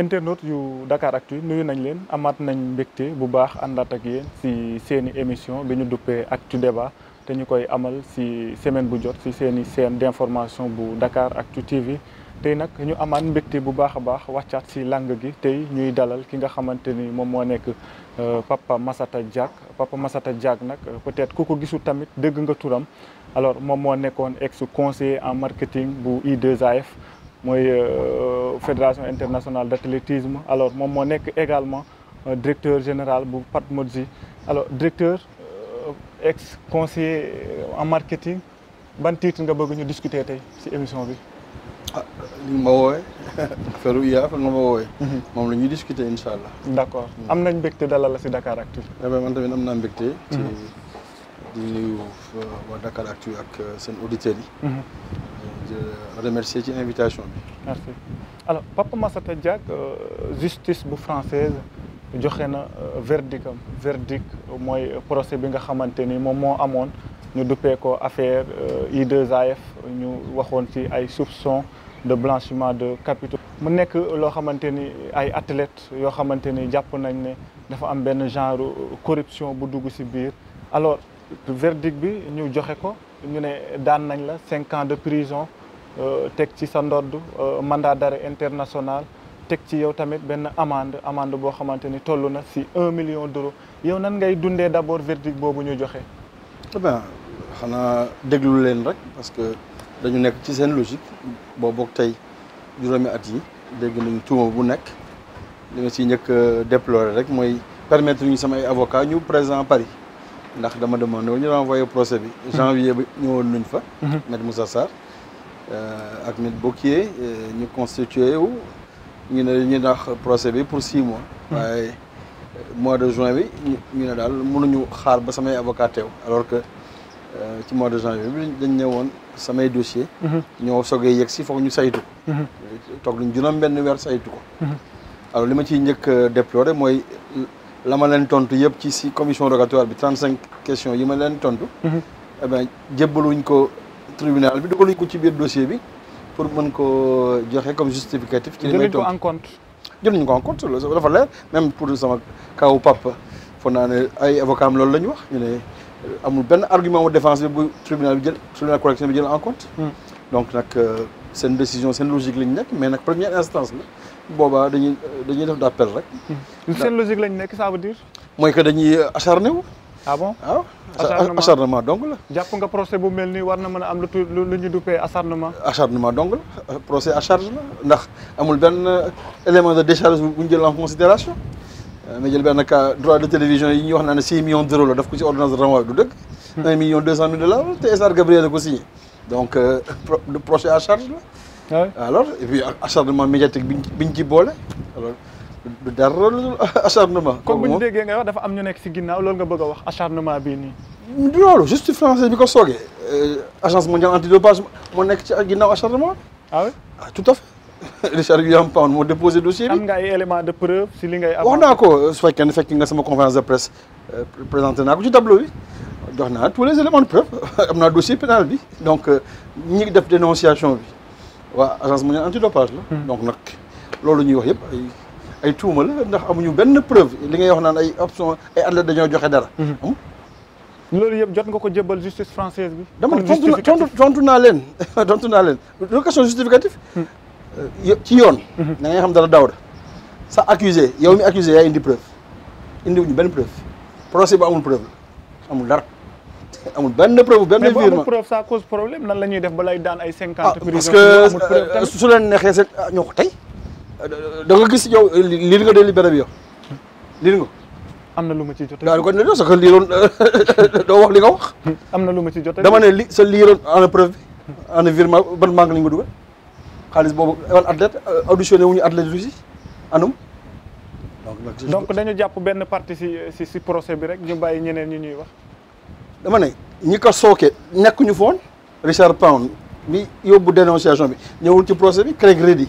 internautes yu Dakaractu nuyu nañ leen amaat nañ mbégte bu baax àndaat ak yéen si seeni émission bi ñu duppee Actu Débat te ñu koy amal si semaine bu jot si seeni chaîne d'information bu Dakaractu TV tey nag ñu amaat mbégte bu baax a baax wàccaat si lang gi tey ñuy dalal ki nga xamante ni moom moo nekk euh, Papa Massata Diack Papa masata Diack nag peut-être ku ko gisul tamit dégg nga turam alors moom moo nekkoon ex conseiller en marketing bu i 2 mooy euh, fédération internationale d'athlétisme. alors mom mo nek également euh, directeur général bu Pat alors directeur euh, ex conseiller en marketing ban titre nga bëgg ñu discuter tay ci émission bi. ah li ma woy woowee affaire fa nga ma woowee. Mhm. moom la ñuy discuter inshallah d'accord mm. am nañ mbégte dalal la ci Dakaractu. Eh ben, man tamit am naa mbégte. ci mhm. di nuyu Dakar actu ak auditeurs yi. Mhm de remercier ci invitation merci alors Papa Massata Diack euh, justice bu française a un euh, verdict verdict le procès bi nga xamante ni moom moment nous ñu duppee ko affaire I2AF Nous avons ci ay soupçons de blanchiment de capitaux. mu avons loo des ay athlètes yoo ont ni jàpp nañ ne dafa am genre euh, corruption bu dugg ci biir alors verdict bi ñu joxe ko ñu ne nañ ans de prison. Euh, teg ci sa ndodd euh, mandat d'arrêt international teg ci yow tamit ben amende amende bo xamanteni ni toll na si un million d'euros yow nan ngay dundé d'abord verdict bobu ñu joxé eh bien xanaa déglu leen rek parce que dañu nek ci sen logique bo bok tay juróomi at yi dégg nañu tuuma bu nek li ma si njëkk euh, déplorer rek moy permettre ñu sama avocat ñu présent Paris ndax dama demandé ñu renvoyé procès bi hum. janvier bi ñëwoon nuñ fa hum. maître Moussa Sarr euh, ak euh, ñu constitué wu ñu procès pour six mois. Hmm. Euh, mois de juin bi ñu ne dal mënuñu xaar ba samay avocat alors que ci mois de janvier, bi dañ samay dossier hmm. ñoo yegg ñu saytu tok luñu benn saytu ko. Hmm. alors lima ci ñëk déploré lama leen tontu ci commission rogatoire bi 35 questions yima leen tontu. eh ben ko tribunal bi dugaluñ ko ci biir dossier bi pour mën ko joxe comme justificatif. ci limay may toog jëluñ ko en compte. jëluñ ko en compte loolu dafa leer même pour sama kaw papa foog naa ne ay avocat lolou lañ wax ñu ne amul ben argument de défense bi bu tribunal bi jël tribunal correction bi jël en compte. Hmm. donc c'est euh, une décision c'est une logique liñ nek mais nak première instance la boba dañuy dañuy def d'appel rek. Hmm. seen logique lañ nek ça veut dire. moy que dañuy acharné wu. ah bon waaw ah, ah, acharnement donc la jàpp nga procès bu mel ni war na mën a am lu lu ñu duppee acharnement acharnement donc la procès à charge la ndax amul benn euh, élément de décharge bu ñu jël en considération euh, mais jël benn cas droit de télévision yi ñuy wax naa ne six millions d'euros la daf ko ci ordonnance de renvoi du dëkk hmm. un million deux cent mille dollars te Essar Gabriel a ko donc euh, procès à charge la alors et puis acharnement médiatique biñ biñ ci boole alors du dara loolu acharnement. comme bu ñu déggee nga wax dafa am ñu nekk si ginnaaw loolu nga bëgg a wax acharnement bii nii. loolu justice française bi ko soogee euh, agence mondiale antidopage moo nekk ci ginnaaw acharnement. ah oui ah, tout à fait. Richard William Pound moo déposé dossier bi. am nga ay éléments de preuve si li ngay. wax naa ko euh, su fekkee ne fekk nga sama conférence de presse euh, présenté naa ci tableau bi jox tous les éléments de preuve am naa dossier pénal bi donc ñi def dénonciation bi waa agence mondiale antidopage la. Hmm. donc nag loolu ñuy wax yëpp ay ay tuuma la ndax amuñu benn preuve li ngay wax naan ay option ay at la dañoo joxe dara. Mhm. Hein? loolu yëpp jot nga ko jébbal justice française bi. dama tontu tontu naa leen tontu naa leen loolu question justificative. Mhm. Euh, ci yoon. Mhm. da ngay xam dara daw da sa accusé yow mi accusé yaa indi preuve indiwuñu benn preuve procès bu amul preuve amul dara. amul benn preuve benn virement mais bu preuve ça cause problème nan la ñuy def ba lay daan ay. 50 ah, prison parce que euh, su leen neexee seen ah, ñoo ko tey. da nga gis yow eh, liir nga délibéré bi yow liir nga. am na lu ma ci jotee daal ko ne doo sa ko liiroon doo wax li nga wax. amna luma lu ma ci jotee dama ne li sa liiroon en preuve en virement ban banque lañ ko dugal xaalis boobu wan athlète eh, auditionné wuñu athlète du anum. donc dañu jàpp benn partie si si si procès bi rek ñu bàyyi ñeneen ñi ñuy wax. dama ne ñi ko sooke nekk ñu foon Richard Pound mi yóbbu dénonciation bi ñëwul ci procès bi Craig Reddy.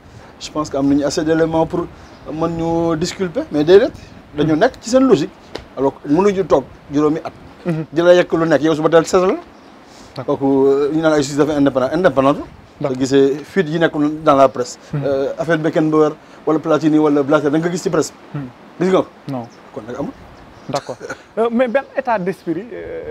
je pense qu'il y a assez d'éléments pour nous disculper mais dañu ci logique alors nous at mhm. la lu y yow eu la ñu a indépendant dans la presse mhm. euh, affaire Beckenbauer Platini Blatter da la presse mhm. non d'accord euh, mais état d'esprit euh,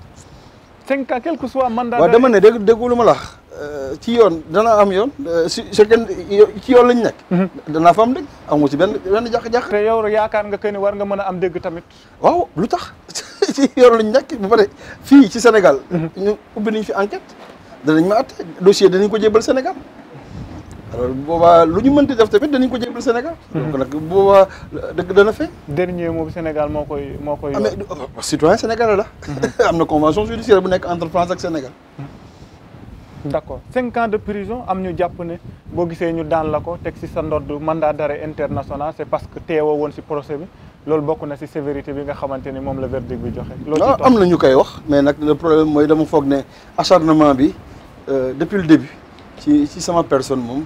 cinq ans quel que soit mandat. waaw dama ma la euh, ci yoon dana am yoon euh, su fekkee ci yoon lañ nekk. Mhm. danaa fa am dégg amu ci benn benn jàq-jàq. te yow yaakaar nga que ni war nga mën a am dégg tamit. waaw lu tax ci yoon lañ nekk bu pare fii ci Sénégal. Mhm. ñu ubbi nañ fi enquête danañ ma atte dossier danañ ko jébal Sénégal. alors boobaa lu ñu mënti def tamit danañ ko jébal Sénégal. Mhm. donc nag boobaa dëgg dana fee. dernier moom Sénégal moo koy moo koy. Ah, mais euh, citoyen sénégalais la. Mhm. am na convention judiciaire bu nekk entre France et Sénégal. Mhm. D'accord. 5 ans de prison am ñu jàpp ne boo gisee ñu daan la ko texte si sa mandat d'arrêt international c'est parce que teewoo won si procès bi loolu bokk na si sévérité bi nga xamante ni moom la verdict bi joxe. loolu ci ah, am na ñu koy wax mais nak le problème mooy dama foog ne acharnement bi euh, depuis le début ci ci sama personne mom.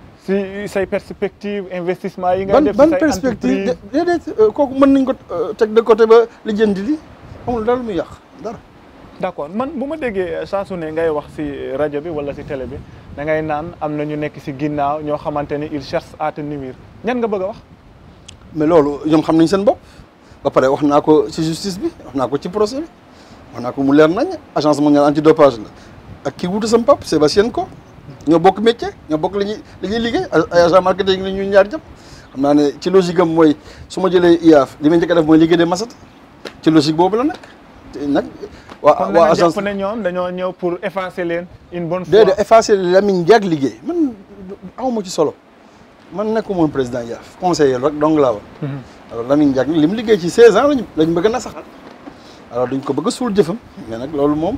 si say perspective investissement yi nga def ban perspective déedéet kooku mën nañ ko teg de côté ba li jëndi li amul dal mu yàq dar d'accord man buma déggé sa saa su ne ngay wax ci radio bi wala ci télé bi da ngay nan am na ñu nekk ci ginnaw ño xamanteni il cherche à te nuire ñan nga bëgg wax mais lolu ñom xamnañ seen bop ba paré wax naa ko si justice bi wax naa ko ci procès bi wax naa ko mu lér nañ agence mondiale antidopage la ak ki wutu sam pap Sébastien ko ñoo bokk métier ñoo bokk la ñuy la ñuy liggéey ay agent marketing la ñuy ñaar jëm xam naa ne ci logique am mooy su ma jëlee IAAF li ma njëkk a def mooy liggéey de masat ci logique boobu la nag nag. waa waa agence kon ñoo dañoo ñëw pour effacer leen une bonne fois. déedéet effacer Lamine Diack liggéey man awma ci solo man nekkul woon président IAAF conseiller rek dong laa woon. Mhm. alors Lamine Diack li mu liggéey ci 16 ans lañu lañu bëgg na saxal alors duñ ko bëgg a suul jëfam mais nag loolu moom.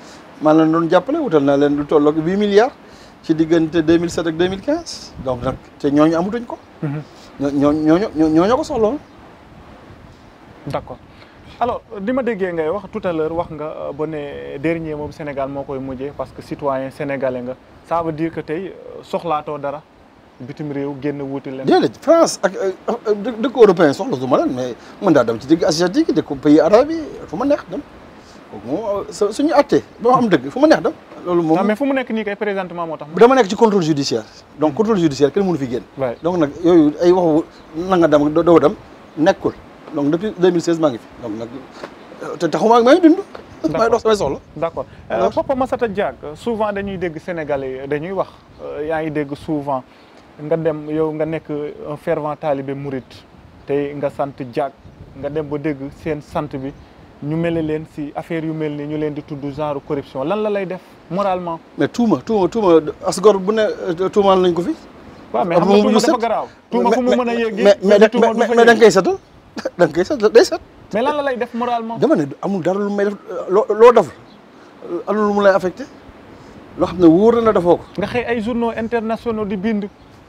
maa leen doon jàppale wutal naa leen lu tolloog huit milliards ci diggante 2007 ak 2015 donc nag te ñooñu amatuñ ko. Mhm. ñoo ñooñu ñooñu ko soxla woon. d' accord alors li ma déggee ngay wax tout à wax nga euh, ba ne dernier moom Sénégal moo koy mujjee parce que citoyen sénégalais nga ça veut dire que tey euh, soxlaatoo dara bitim réew génn wuuti leen. déedéet France ak euh, dëkk européen soxla su ma mais mën ndaa dem ci dëkk asiatique dëkk pays arabe yi fu ma neex dem. moom euh, suñu atee boo am dëgg fu ma neex dem. loolu moom ah, mais fu mu nekk nii kay présentement moo tax. dama nekk ci contrôle judiciaire donc contrôle judiciaire kenn mënu fi génn. donc nag yooyu ay waxu na nga dem doo dem nekkul donc depuis 2016 maa ngi fi donc nag euh, te taxuma ak maa ngi dund. d' accord maa ngi dox samay soxla. d' accord euh, Papa souvent dañuy dégg Sénégalais dañuy wax yaa ngi dégg souvent nga dem yow nga nekk un fervent talibé mouride tey nga sant Diack nga dem ba dégg seen sant bi. ñu mele leen si affaire yu mel ni ñu leen di tudd genre corruption lan la lay def moralement. mais tuuma tuuma tuuma asgor bu ne euh, tuumaal lañ ko fi. waaw mais xam nga tuuma dafa garaaw tuuma fu a yéegi. mais mais da nga koy setal da koy setal day set. mais lan la lay def moralement. dama ne amul dara lu may def euh, loo loo def euh, amul lu mu lay affecté loo xam ne wóor na la defoo ko. nga xëy ay journaux internationaux di bind.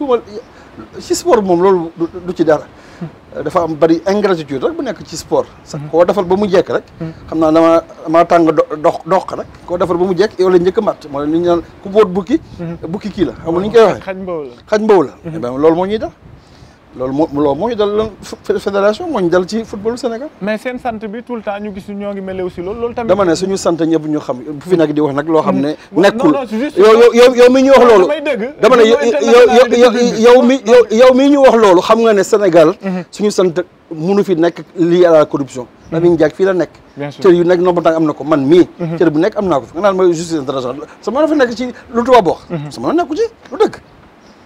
tuumal ci sport moom loolu du ci dara. dafa am bari ingratitude rek bu nekk ci sport. sax hmm. koo defal ba mu jekk rek. Hmm. xam naa damaa damaa tàng dox dox rek koo defal ba mu jekk yow la njëkk a mat mooy li ñu naan ku boot bukki. Hmm. bukki kii la xam nga ni ñu koy waxee. xañ mbaw la xañ mbaw la. Eh loolu moo loolu moo loolu moo ñu dal fédération moo ñu dal ci football Sénégal. mais seen sant bi tout le temps ñu gis ñoo ngi melew si loolu. loolu tamit dama ne suñu sant ñëpp ñu xam bu fi nag di wax nag loo xam ne. Mm. nekkul yow yow yow mi ñu wax loolu. dama ne yow yow mi yow mi ñu wax loolu xam nga ne Sénégal. Mm-hmm. suñu sant mënu fi nekk lié à la corruption. Mm-hmm. Lamine Diack fii la nekk. cër yu nekk ndomba tànk am na ko man mii. Mm-hmm. cër bu nekk am naa ko fi nga naan mooy justice internationale sama la fa nekk ci lu tubaab wax. sama la nekku ci lu dëgg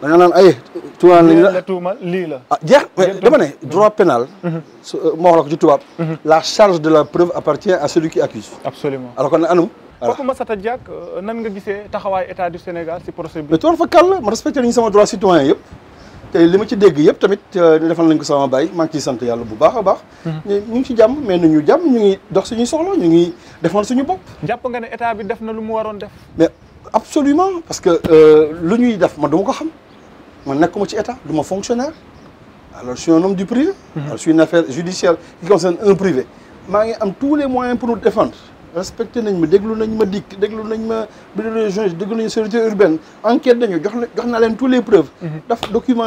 da nga naan ay. tuumaal nañ la tuuma lii la. Ah, jeex dama ne droit pénal. Mhm. su euh, ma wax la ko ci tubaab. Mhm. la charge de la preuve appartient à celui qui accuse. absolument alors kon anu anam. ma kooku Massata Diack euh, nan nga gisee taxaway état du Sénégal ci procès bi. mais tool fa kàll ma respecté nañu sama droit citoyen yépp tay li ma ci dégg yépp tamit ñu euh, defal nañ ko sama bay ma ngi ciy sant yàlla bu baax a baax. Mhm. ñu ngi ci jamm mais nañu jamm ñu ngi dox suñu soxla ñu ngi defal suñu bopp. japp nga ne état bi def na lu mu waron def. mais absolument parce que euh lu ñuy def man duma ko xam man suis ci état fonctionnaire alors je suis un homme du privé. Mhm. je suis une affaire judiciaire qui concerne un privé. Je tous les moyens pour nous défendre respecté nañ ma ma sécurité urbaine enquête tous les preuves. Mhm. document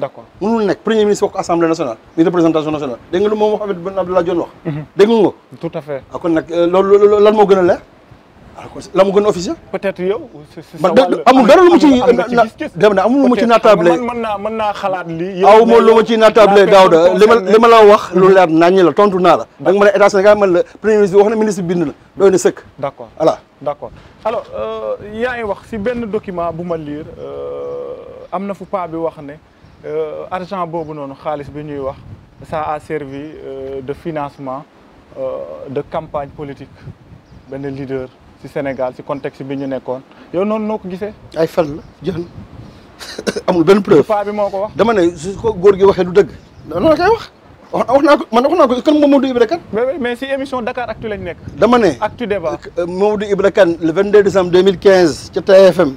d' accord mënul nekk premier ministre wax ko assemblée nationale ni représentation nationale dégg nga lu moom wax Ahmed Ben Abdallah Dionne wax. Mhm. dégg nga ko. tout à fait. Ah, kon nag euh, loolu lan moo gën a leer. Ah, la mu gën a officiel. peut-être yow. amul dara lu mu ci na dem na amul lu mu ci naataable. mën naa mën naa xalaat lii. aw ma lu ma ci naataable Daouda li ma li ma la wax. lu leer naññi la tontu naa la. da nga ma ne état Sénégal man la premier ministre wax na ministre bind na doy na sëkk. d'accord voilà d'accord alors euh, yaa ngi wax si benn document bu ma lire euh, am na fu paa bi wax ne. Euh, argent ça a servi euh, de financement euh, de campagne politique leader ci Sénégal ci contexte bi ñu yow non, noko gissé ay la amul preuve bi wax. dama ko du non, wax mais Dakar Actu lañ le 22 décembre 2015 TFM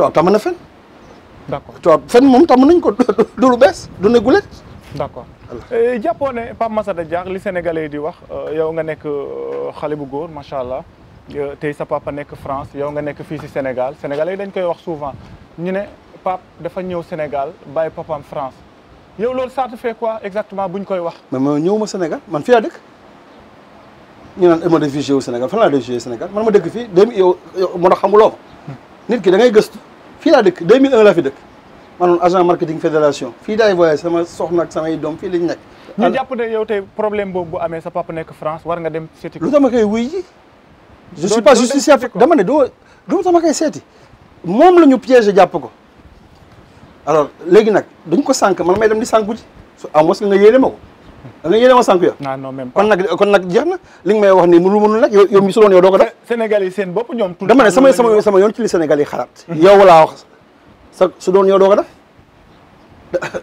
tubaab tàmm na fen. d' accord tubaab fen moom tàmm nañ ko du lu bees du ne gulet. d' accord eh, jàppoo ne Pape Massata li Sénégalais di wax euh, yow nga nekk euh, xale bu góor macha allah tey sa papa nekk France yow nga nekk fii si Sénégal Sénégalais yi dañ koy wax souvent ñu ne Pape dafa ñëw Sénégal baay papam France yow loolu ça te fait quoi exactement buñ koy wax. mais ma ñëwuma Sénégal man fii laa dëkk ñu naan ma réfugié wu Sénégal fan laa réfugié Sénégal man ma dëkk fii dem yow moo tax xamuloo hmm. nit ki da ngay gëstu. fii laa dëkk 2001 la fi dëkk man agent marketing fédération fii daay voyage sama soxna ak samay doom fii lañ nekk. ñu jàpp ne yow tey problème boobu bu amee sa papa nekk France war nga dem seeti ko. lu dama koy wuy ji. je suis pas justiciable dama ne doo doo sama koy seeti moom la ñu piégé jàpp ko alors léegi nag duñ ko sànq man may dem di sànku ji su amoos nga yéene ma ko. da nga yéene ma sànq ya non non même kon nag kon nag jeex na li nga may wax nii mënu mënu nag yow mi suloon yow doo ko def Sénégal yi seen bopp ñoom dama ne sama sama sama yoon ci li Sénégal yi xalaat mhm. yow laa wax sa su doon yow doo ko def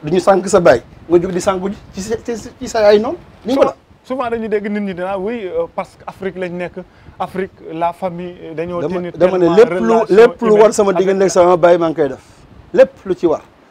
duñu sànq sa baay nga jóg di sànq ji ci ci sa yaay noonu ni ko la souvent dañu dégg nit ñi dinaa ah oui euh, parce que lañ nekk Afrique la famille euh, dañoo tenir dama ne lépp lu lépp lu war sama diggante ak sama baay maa ngi koy def lépp lu ci war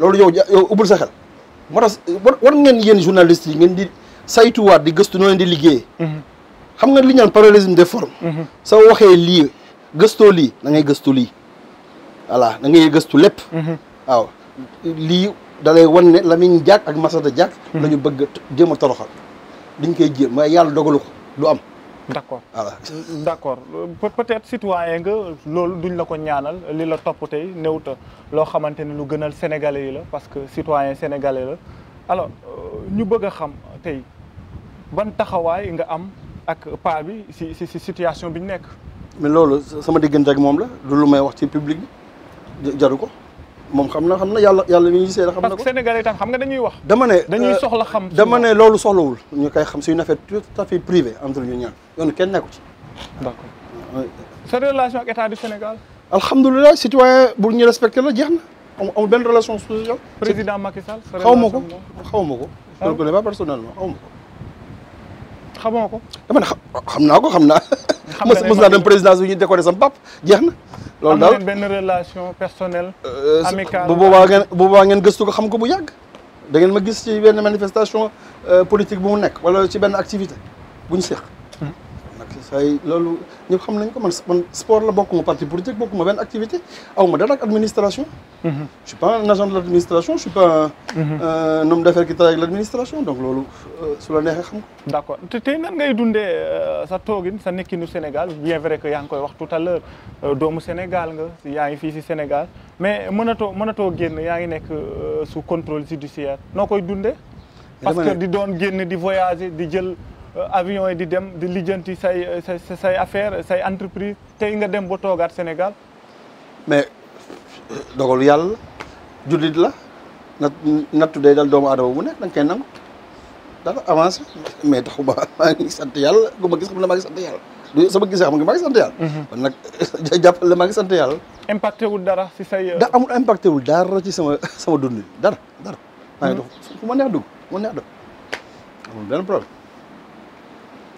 loolu yow yow ubbul sa xel moo tax war ngeen yéen journalistes yi ngeen di saytuwaat di gëstu noo leen di liggéeyee. Mm-hmm. xam nga li ñaan parallélisme des formes. Mm-hmm. soo waxee lii gëstoo lii da ngay gëstu lii voilà da ngay gëstu lépp. Mm-hmm. waaw lii da lay wan ne Lamine Diack ak Massata Diack. la ñu bëgg jéem a toroxal. dañ koy jéem waaye yàlla dogalu du am. D'accord. voilà ah. D'accord. accord peut être citoyen nga lolu duñ la ko ñaanal li la top tay néewta lo xamanteni lu gënal sénégalais yi la parce que citoyen sénégalais la alors euh, ñu bëgg xam tay ban taxaway nga am ak paa bi si si si situation biñ nek. mais lolu sama diggante ak mom la lu may wax ci public bi jaru ko. moom xam na xam na yàlla yàlla mi ñu gisee xam na ko parce que sénégalais tam xam nga dañuy wax. dama ne dañuy soxla xam. dama ne loolu soxlawul ñu koy xam c'est une affaire tout à fait privée entre ñu ñaan yoonu kenn nekku ci. d'accord sa relation ak état du Sénégal. alhamdulilah citoyen bu ñu respecté la jeex na amul benn relation spéciale. président Macky Sall. xaw ma ko xaw ma ko. je ne connais pas personnellement xaw ma ko. Vous ne sais pas ko un eh président pas bi ñu relation personnelle. Euh, amicale bo boobaa ngeen manifestation euh, politique bu mu nekk wala activité nous, loolu ñëpp xam nañ ko man man sport la bokkuma parti politique bokkuma benn activité aw ma dara ak administration. Mhm. je suis pas un agent de l'administration, je suis pas un. Mhm. homme d'affaires qui travaille avec l'administration. donc loolu euh, su la neexee xam ko. d' accord te tey nan ngay dundee euh, sa toogin sa nekkinu Sénégal bien vrai que yaa ngi koy wax tout à l'heure euh, doomu Sénégal nga yaa ngi fii si Sénégal mais mënatoo mënatoo génn yaa ngi nekk sous contrôle judiciaire noo koy dundee. parce que di doon génn di voyager di jël. Euh, avion yi di dem di lidianti euh, say say say affaire say entreprise tey nga dem bo togat Sénégal. mais dogol yalla jullit la nat nattu day dal doomu aadama bu nekk da nga koy nangu dara avancé mais taxuma maa ngi sant yàlla ku ma gis xam ne maa ngi sant yàlla du sama gisee xam nga maa ngi sant yàlla. Mhm. kon nag jàppal la maa ngi sant yàlla. impacté wul dara ci say. Euh, da amul impacté wul dara ci sama sama dund dara dara. maa ngi dox fu ma neex dugg fu ma neex dugg amul benn problème.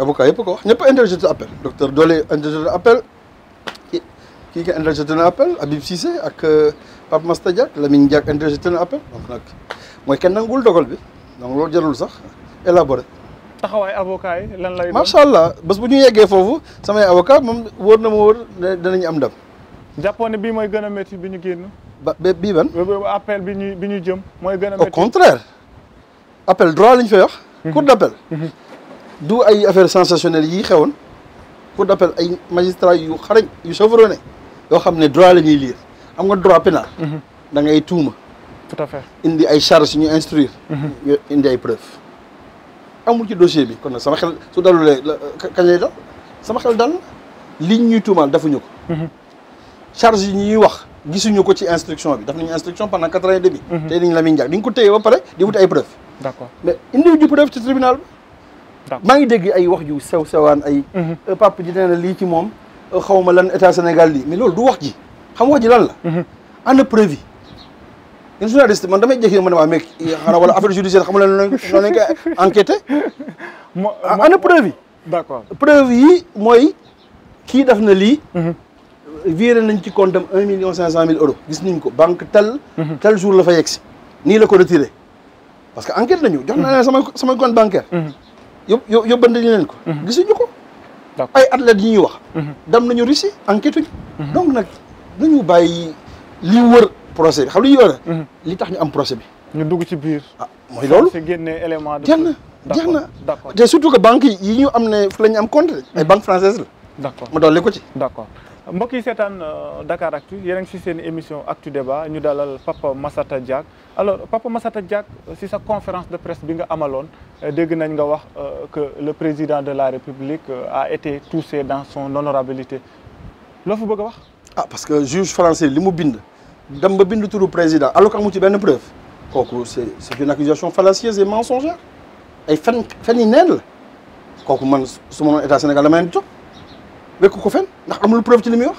avocat yëpp ko wax ñëpp interjeté appel docteur Dolé interjeté appel ki kii nga interjeté na appel Habib Cissé ak euh, Pape Masta Diack Lamine Diack interjeté na appel donc nag mooy kenn nangul dogal bi donc loolu jarul sax élaboré. taxawaay avocat yi lan lay. macha allah bés bu ñu yeggee foofu samay avocat moom wóor na ma wóor danañu am ndam. jàppoon ne bii mooy gën a métti bi ñu génn. ba bii ban. appel bi ñu bi ñu jëm. mooy gën a métti au contraire appel droit la ñu fay wax. Mhm. cour d' appel. Mhm du ay affaire sensationnelle yi xewoon pour d'appel ay magistrat yu xarañ yu chevronné yoo xam ne droit la ñuy lire am nga droit pénal mhm. da ngay tuuma tout à fait indi ay charges ñu instruire mhm. indi ay preuves amul ci dossier bi kon nag sama xel su dalulee kañ lay dal sama xel dal liñ ñuy tuumaal defuñu ko mhm. charges yi ñuy wax gisuñu ko ci instruction bi daf instruction pendant quatre ans et demi tey dañ la muy njàg di nga ko téye ba pare di wut ay preuves d'accord mais indiwu ju preuves ci tribunal maa ngi dégg ay wax ju sew sewaan ay. Mhm. Euh, papa ji nee lii ci moom euh, xaw ma lan état Sénégal lii mais loolu du wax ji xam wax ji lan la. Mhm. ana preuve yi. une journaliste man damay jékki ma ne waa mec euh, xanaa wala affaire judiciaire xam nga noonu lañ koy enquêté. mo ah, ana preuve yi. yi mooy kii def na lii. Mhm. viré nañ ci compte am un million cinq cent mille euros gis nañ ko banque tel. jour la fa yegg si. nii la ko retiré parce que enquête lañu jox na ne samay samay compte bancaire. yób yóbbandañu leen ko. Mhm. gisuñu ko. ay athlètes yi ñuy wax. Mhm. dem nañu Russie enquête ñu. Mhm. donc nag ñu bàyyi li wër procès bi xam li ñuy li tax ñu am projet bi. ñu dugg ci biir. ah mooy loolu c'est génne élément de. jeex na jeex na surtout que banque yi ñu am ne fu ñu am compte ay banque française la. d'accord ma dolli ko ci. d'accord mbokk yi seetaan euh, Dakaractu yéen a ngi si seen émission Actu Débat ñu dalal Papa Massata Diack. alors Papa Massata Diak, euh, si sa conférence de presse bi nga amaloon euh, dégg nañ euh, que le président de la République a été touché dans son honorabilité Qu'est-ce bëgg wax ah parce que juge français li a bind dem ba bind le président alors que amu ci benn preuve c'est c'est une accusation fallacieuse et mensongère ay Quand fen yi neen la kooku man su ma noon état Sénégal Mais leen di jox wekk ko fen ndax amul preuve ci li muy wax